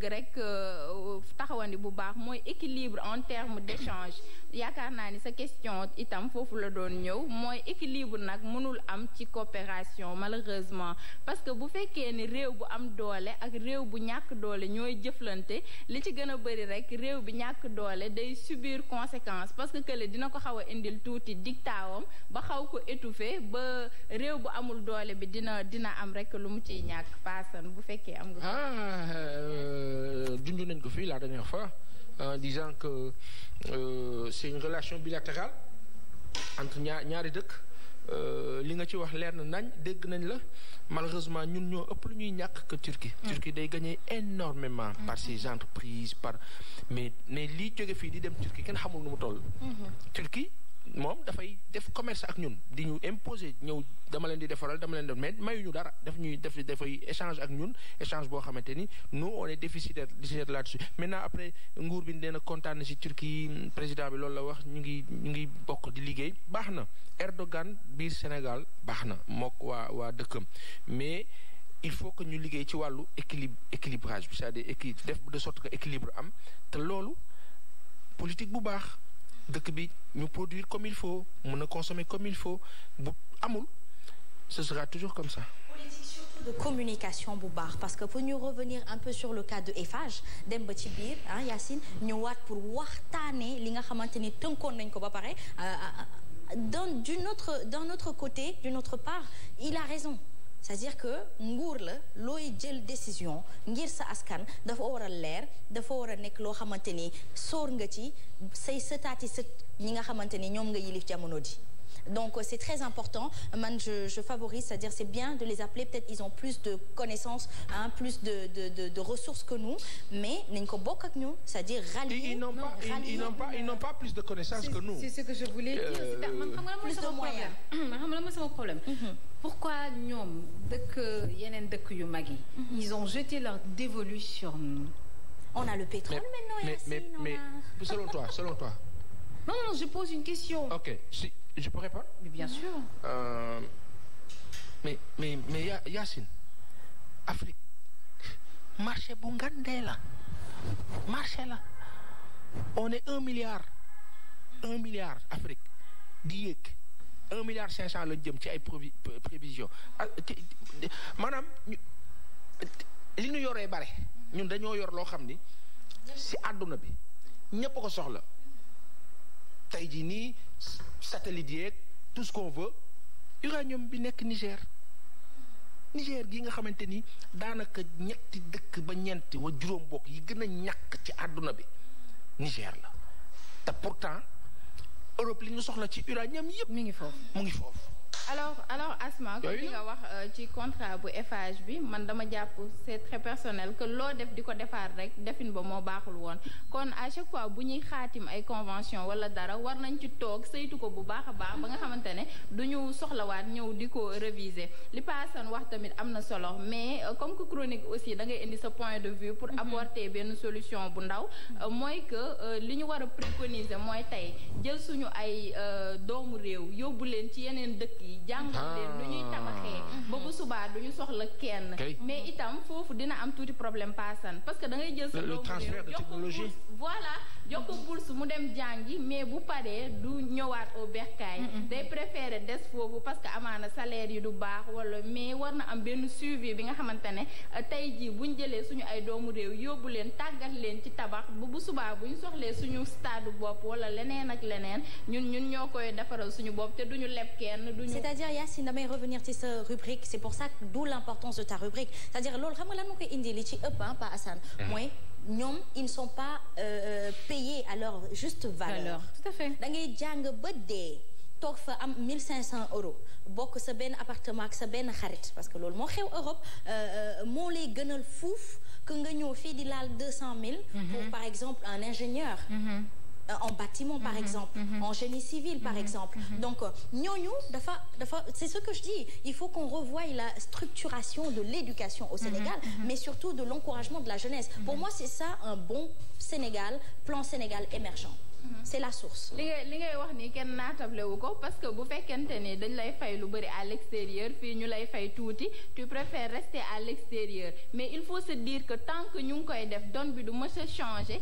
bëgg rek euh, euh, taxawandi bu baax mooy équilibre en terme d'échange yaakaar naa ni sa question itam foofu la doon ñëw mooy équilibre nag mënul am ci coopération malheureusement parce que bu fekkee ni réew bu am doole ak réew bu ñàkk doole ñooy jëflante li ci gën a bëri rek réew bi ñàkk doole day subir conséquence parce que kële dina ko xaw a indil tuuti diktaawam ba xaw ko étouffer ba réew bu amul doole bi dina dina am rek lu mu ciy ñàkk paasan bu fekkee am nga junj euh, nañ ko fii la dernière fois en euh, disant que euh, c'est une relation bilatérale entre ñaar ñaari dëkk euh, li nga ci wax leer na nañ dégg nañ la malheureusement ñun ñoo ëpp lu ñuy ñàkk que Turquie. Mm. Turquie day gagné énormément mm. par ses mm. entreprises par mais mais lii jóge fii di dem Turquie kenn xamul nu mu toll. Mm-hmm. moom dafay def commerce ak ñun di ñu imposer ñëw dama leen di defaral dama leen def mais mayuñu dara daf ñuy def dafay échange ak ñun échange boo xamante ni nous on est déficitaire déficitaire là-dessus maintenant après nguur bi nee na kontaan na si Turquie président bi loolu la wax ñu ngi ñu ngi bokk di liggéey baax na Erdogan biir Sénégal baax na mook waa waa dëkkam mais il faut que ñu liggéey ci wàllu équilibre équilibrage bi c'est-à-dire équilibre def de sorte que équilibre am te loolu politique baax dëkk bi ñu produire comme il faut mën a consommer comme il faut amul ce sera toujours comme ça. de communication bu baax parce que pour ñu revenir un peu sur le cas de Eiffage dem ba ci biir ah Yacine ñëwaat pour waxtaanee li nga xamante ni tënkoon nañ ko ba pare euh, euh, euh, dans d'une autre côté d'une autre part il a raison. c'est-à-dire que nguur la looy jël décision ngir sa askan dafa war a leer dafa war a nekk loo xamante ni sóor nga ci say sëtaati sët ñi nga xamante ni ñoom nga yilif jamono ji donc euh, c'est très important man je je favorise c'est-à-dire c'est bien de les appeler peut-être ils ont plus de connaissances plus de ressources que nous mais nañ ko bokk ak ñun c'est-à-dire rallier ils n'ont pas ils plus de connaissances que nous c'est ce que je voulais dire euh, man xam nga lan mooy sama problème man xam mm-hmm. nga lan mooy sama problème pourquoi dëkk yu mag yi mm-hmm. ils ont jeté leur dévolu sur nous on a le pétrole mais mais selon toi non je pose une question je peux répondre. mais bien sûr. Euh, mais mais Afrique marché bu ngandee la marché la on un milliard un milliard Afrique di yéeg un milliard cinq cent lañ jëm ci ay prévi prévision ah, maanaam li ñu yoree bare ñun dañoo yor loo xam ni si àdduna bi ñépp ko soxla. tey jii nii satelit yeeg tout ce qu'on bi nekk Niger Niger gi nga xamante ni daanaka ñetti dëkk ba ñeenti wa juróom bokk yi gën a ñàkk ci àdduna bi Niger la te pourtant Europe li ñu soxla ci uranium yëpp mu ngi mu ngi foofu alors alors Asma ko li nga wax euh, ci contrat bu Eiffage bi man dama jàpp c'est très personnel que loo def di ko defaat rek defin ba moo baaxul woon kon à chaque fois bu ñuy xaatim ay convention wala dara war nañ ci toog saytu ko bu baax a baax ba nga xamante ne du ñu soxlawaat ñëw di ko réviser li paasan wax tamit am na solo mais euh, comme que chronique aussi da ngay indi sa point de vue pour mhm. apporter benn solution bu ndaw euh, mooy que li ñu war a préconiser mooy tey jël suñu ay doomu réew yóbbu leen ci yeneen dëkk yi jàngal ah. leen lu ñuy tabaxee ba bu subaa du ñu soxla kenn mais itam foofu dina am tuuti problème paasan parce que da ngay jël sa doomu jox ko bourse voilà jox ko bourse mu dem jàngi mais bu paree du ñëwaat au bercail day préférer des foofu parce que amaana salaire yi du baax wala mais war na am benn suivi bi nga xamante ne euh, tey jii buñ jëlee suñu ay doomu réew yóbbu leen tàggat leen ci tabax bu subaa bu ñu soxlee suñu stade bopp wala leneen ak leneen ñun ñun ñoo koy defaral suñu bopp te duñu leb kenn duñu c'est-à-dire Yacine damay revenir ci sa rubrique c'est pour ça d'où l'importance de ta rubrique c'est-à-dire loolu xam nga lan moo li ci ëpp ah pas Assane mm-hmm. mooy ñoom ils ne sont pas euh, euh, payés à leur juste valeur. valeur tout à fait da jàng ba dee toog fa am 1500 euros bokk sa benn appartement ak sa benn xarit parce que loolu moo xew Europe euh, euh, moo lay gënal fuuf que nga ñëw fii di laal 200000. Mm-hmm. pour par exemple un ingénieur. Mm -hmm. Euh, en bâtiment par mm-hmm. exemple mm-hmm. en génie civil par mm-hmm. exemple donc ñooñu euh, dafa dafa c'est ce que je dis il faut qu'on revoie la structuration de l'éducation au Sénégal mais surtout de l'encouragement de la jeunesse pour moi c'est ça un bon Sénégal plan Sénégal émergent c'est la source. li nga li ngay wax ni kenn naatable wu ko parce que bu fekkente ne dañ lay fay lu bëri à l'extérieur fii ñu lay fay tuuti tu préfères rester à l'extérieur mais il faut se dire que tant que ñu ngi koy def donne bi du mës a changer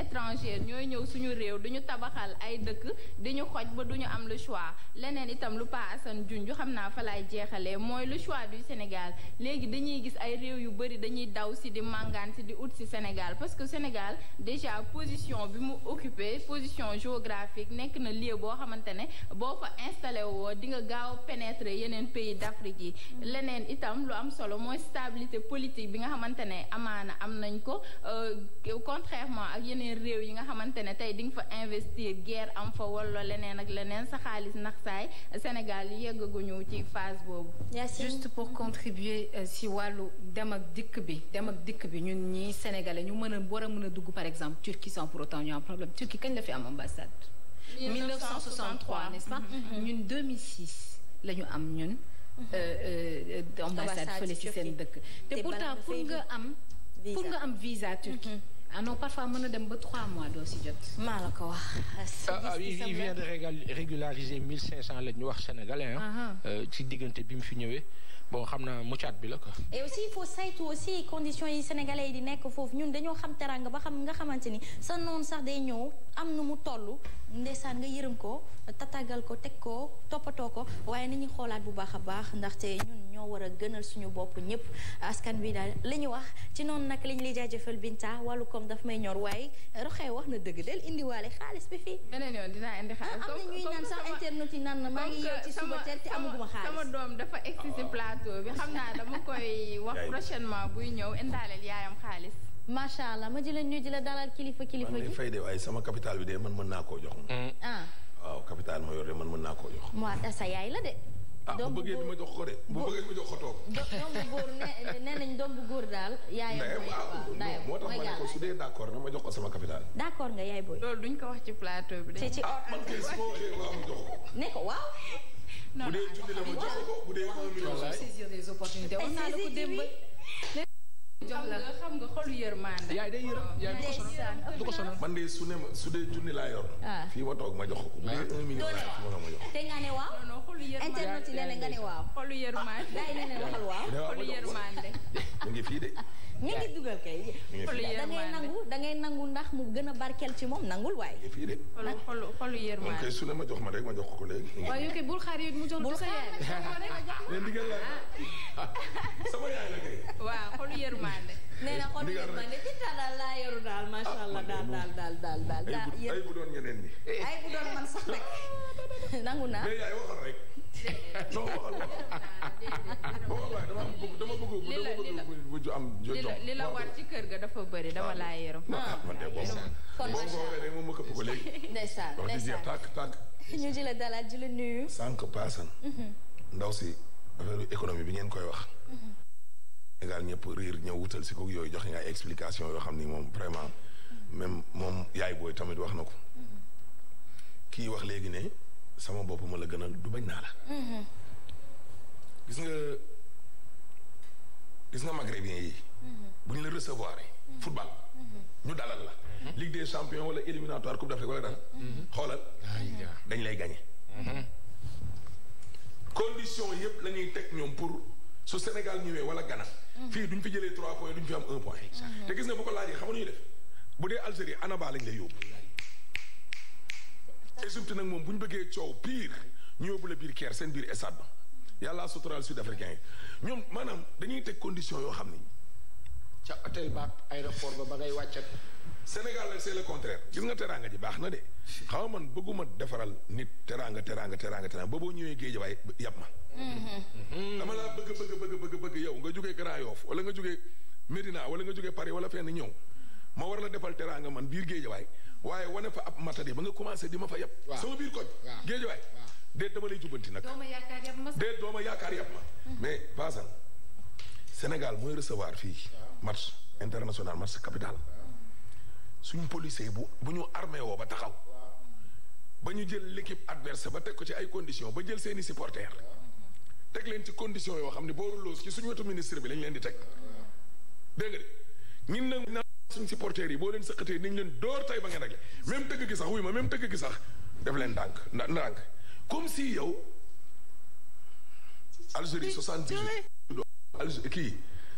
étrangère ñooy ñëw suñu réew du ñu tabaxal ay dëkk di ñu xoj ba duñu am le choix leneen itam lu Pa Assane ju xam naa fa laay jeexalee mooy lu choix du Sénégal léegi dañuy gis ay réew yu bëri dañuy daw si di màngaan si di ut si Sénégal parce que Sénégal déjà position bi mu occupé position géographique nekk na lieu boo xamante ne boo fa installé woo di nga gaaw pénétrer yeneen pays d'Afrique yi leneen itam lu am solo mooy stabilité politique bi nga xamante ne amaana am nañ ko euh, yeneen réew yi nga xamante ne tey di nga fa investir guerre am fa wala leneen ak leneen sa xaalis ndax saay Sénégal yeggaguñu ci phase boobu. juste pour contribuer euh, si wàllu dem ak dikk bi dem ak dikk bi ñun ñii sénégalais ñu mën a war a mën a dugg par exemple Turquie sans pour autant ñu am problème Turquie kañ la fi am ambassade. 1963 n'est-ce pas mm-hmm. ñun 2006 mm-hmm. la ñu am ñun. Mm-hmm. Euh, euh, ambassade fële ci seen dëkk. te pourtant pour nga am visa Turquie. ah non parfois mën na dem ba trois mois doo si jot. maa la ko wax. Ah, ah, il vient de mille cinq cent la ñu wax sénégalais ah. ah. Euh, ci diggante bi mu fi ñëwee bon xam naa muccaat bi la ko et aussi il faut saytu aussi conditions yi sénégalais yi di nekk foofu ñun dañoo xam teranga ba xam nga xamante ni sa noonu sax day ñëw am nu mu toll ndeysaan nga yërëm ko tatagal ko teg ko toppatoo ko waaye nañu xoolaat bu baax a baax ndaxte ñun ñoo war a gënal suñu bopp ñëpp askan bi daal koom may ñor waaye roxee wax na dëgg del indiwaale xaalis bi fii. beneen yoon dinaa indi xaalis. comme ah, comme ñuy naan sax internet yi naan na maa ngi yeew ci suba teel te amaguma xaalis. doom dafa egsi ci plateau bi xam naa dama koy wax prochainement buy ñëw indaaleel yaayam xaalis. macha allah ma ji la ñu ji la dalal kilifa kilifa gi. man fay de waaye sama capital bi de man mën naa koo jox. ah capital ma de man mën naa ko jox. mu sa yaay la de. Ah, donc bu bëggee ni ma jox ko de bu bëggee ni ma jox ko toog. doom bu góor nee nee nañ doom bu góor daal. yaayam mooy waaw ndayam moo tax ko su dee d' accord na ko sama capital. d' accord nga yaay booy. loolu duñ ko wax ci plateau bi. ci ci ah man kay ko. ne ko waaw. non bu dee junni la ma jox ko bu dee un million. on a le coup jox la xam nga xolu yërmande. yaay day yërëm yaay du ko sonal du ko man de su ne su dee junni ah. ah. laa yor. fii ma toog ma jox ko. bu dee un million laa yor ma jox ko. te nga ne waaw. non non xolu yërmande internet mu fii de. ñu da ngay nangu da ngay mu gën a barkeel ci moom nangul waaye. fii de. xolu xolu yërmande. su ma jox ma rek ma jox ko sama yaay la kay. waaw xolu yërmande. nee na xolu yërmande ci daal laa yoru daal macha allah ah, daal daal daal daal daal. ay bu doon ñeneen ñi. ay bu doon man sax nag. nangu naa mais yaay waxal rek. non waxal waxal. dama bëgg dama bëgg bu am. li la war ci kër ga dafa bëri dama laa yërëm. Ah, man de boo ko boo ko waxee rek moom ma këpp ko léegi. ndeysaan ndeysaan wax dëgg yàlla tàkk tàkk. ñu ji la dalal ji la nuyu. sànq paasan. Mhm. ndaw si. affaire économie bi ngeen koy wax. Mhm. Sénégal ñëpp riir ñëw wutal si ko yooyu joxe nga explication yoo xam ni moom vraiment mhm. même moom yaay booy tamit wax na ko. Mhm. kii wax léegi ne sama bopp ma la gënal du bañ naa la. gis nga gis nga maghrébien yi. bu ñu la recevoir. football ñu dalal la. Ligue des champions wala éliminatoire coupe d'Afrique wala dara. xoolal dañ lay gagné. condition yëpp la ñuy teg ñoom pour su Sénégal ñëwee wala ganat fii duñ fi jëlee trois points duñ fi am un point. te gis nga bu ko laajee xam nañu def bu dee Algérie anaba lañ lay yóbbu. Égypte nag moom bu ñu bëggee coow pire ñu yóbbu la biir Caire seen biir Esad ba yàlla suturaal sud africain yi ñoom maanaam dañuy teg condition yoo xam ni. ca hôtel ba aéroport ba ba ngay wàccat Sénégal nag c'est le contraire gis nga teraanga ji baax na de xaw man bëgguma defaral nit teraanga teraanga teraanga teraanga ba boo ñëwee géej waaye yàpp ma mm-hmm. dama laa bëgg bëgg bëgg bëgg yow nga jógee Grand Yoff wala nga jógee Médina wala nga jógee Paris wala fenn ñëw ma war la defal teraanga man biir géejawaay waaye wane fa ab matadi ba nga commencé di ma fa yab sama biir koñ géejawaay déet dama lay jubbanti nag déet doo ma yaakaar yab ma mais Fassane Sénégal mooy fii match international match capital suñu policier bu bu ñu armé woo ba taxaw ba ñu jël l'équipe adverse ba teg ko ci ay conditions ba jël seeni supporters teg leen ci conditions yoo xam ne boo loos ci suñu wetu ministre bi lañ leen di teg dégg nga ñun nag na si supporters yi boo leen sëqatee nañ leen door tey ba ngeen rek même tëgg gi sax wuy ma même tëgg gi sax def leen ndànk ndànk comme si yow Algérie soixante-dix kii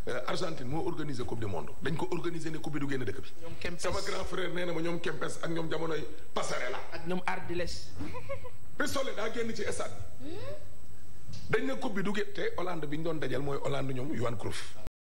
Euh, Argentine moo organisé coupe du monde dañ ko organisé ne coupe bi du génn dëkk bi. ñoom Kempes sama grand frère nee na ma ñoom Kempes ak ñoom jamonoy Passarella. ak ñoom Ardiles. pistolet daa génn ci stade bi. Hmm? dañ ne coupe bi du génn te Hollande bi ñu doon dajal mooy Hollande ñoom Johan Cruyff.